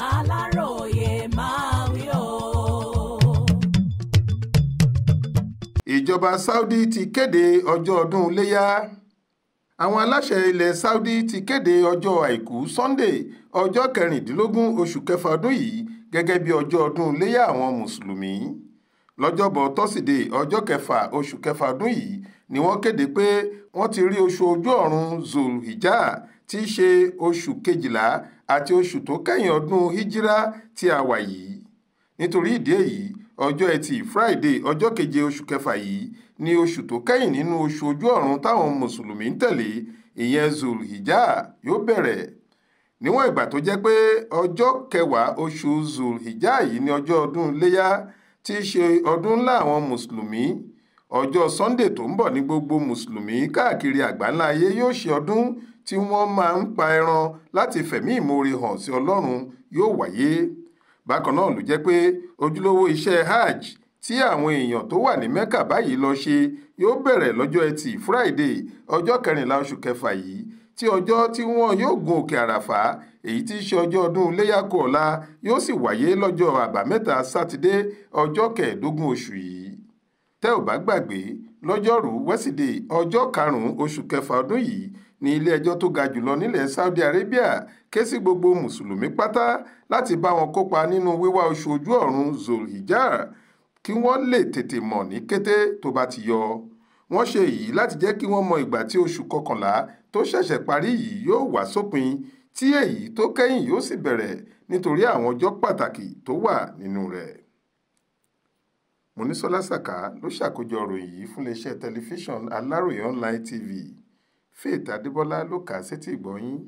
aláròye máa wí o. ìjọba saudi ti kéde ọjọ́ ọdún iléyà àwọn aláṣẹ ilẹ̀ saudi ti kéde ọjọ́ àìkú sunday ọjọ́ kẹrìndínlógún oṣù kẹfà ọdún yìí gẹ́gẹ́ bí ọjọ́ ọdún iléyà àwọn mùsùlùmí lọ́jọ́bọ̀ tọ́sídẹ̀ẹ́ ọjọ́ kẹfà oṣù kẹfà ọdún yìí ni wọ́n kéde pé wọ́n ti rí oṣù ojú ọ̀run zulhijjah tí í ṣe oṣù kejìlá àti oṣù tó kẹ́yìn ọdún hijira tí a wà yìí nítorí ìdí èyí ọjọ́ ẹtì friday ọjọ́ keje oṣù kẹfà yìí ni oṣù tó kẹ́yìn nínú oṣù ojú ọ̀run táwọn mùsùlùmí ń tẹ̀lé ìyẹn zulhijjah yóò bẹ̀rẹ̀ níwọ̀n ìgbà tó jẹ́ pé ọjọ́ kẹwàá oṣù zulhijjah yìí ni ọjọ́ ọdún iléyá tí í ṣe ọdún ńlá àwọn mùsùlùmí ọjọ́ sunday tó ń bọ̀ ní gbogbo mùsùlùmí káàkiri àgbáńlá ayé yóò ṣe ọdún tí wọ́n máa ń pa ẹran láti fẹ̀mí ìmoore hàn sí ọlọ́run yóò wáyé bákan náà ló jẹ́ pé ojúlówó iṣẹ́ hajj tí àwọn èèyàn tó wà ní mecca báyìí lọ ṣe yóò bẹ̀rẹ̀ lọ́jọ́ ẹtì friday ọjọ́ kẹrìnlá oṣù kẹfà yìí tí ọjọ́ tí wọ́n yóò gun òkè àràfà èyí tí í ṣe ọjọ́ ọdún iléyà yóò sì wáyé lọ́jọ́ àbámẹ́ta sátidé ọjọ́ kẹẹ̀ẹ́dógún oṣù yìí tẹ́ ò bá gbàgbé lọ́jọ́rùú wẹ́sídẹ̀ẹ́ ọjọ́ karùn-ún oṣù kẹfà ọdún yìí ní ilé-ẹjọ́ tó ga jùlọ nílẹ̀ Saudi Arabia ké sí gbogbo mùsùlùmí pátá láti bá wọn kópa nínú wíwá oṣù ojú ọ̀run zulhijjar kí wọ́n lè tètè mọ̀ ní kété tó bá ti yọ wọ́n ṣe èyí láti jẹ́ kí wọ́n mọ ìgbà tí oṣù kọkànlá tó ṣẹ̀ṣẹ̀ parí yìí yóò wá sópin tí èyí tó kẹ́yìn yóò sì bẹ̀rẹ̀ nítorí àwọn ọjọ́ pàtàkì tó wà nínú rẹ̀ mòníṣọ́lá saka ló ṣàkójọ ìròyìn yìí fún iléeṣẹ́ tẹlifíṣàn aláròye online tv faith adébọlá ló kà á sétíìgbọ́ yín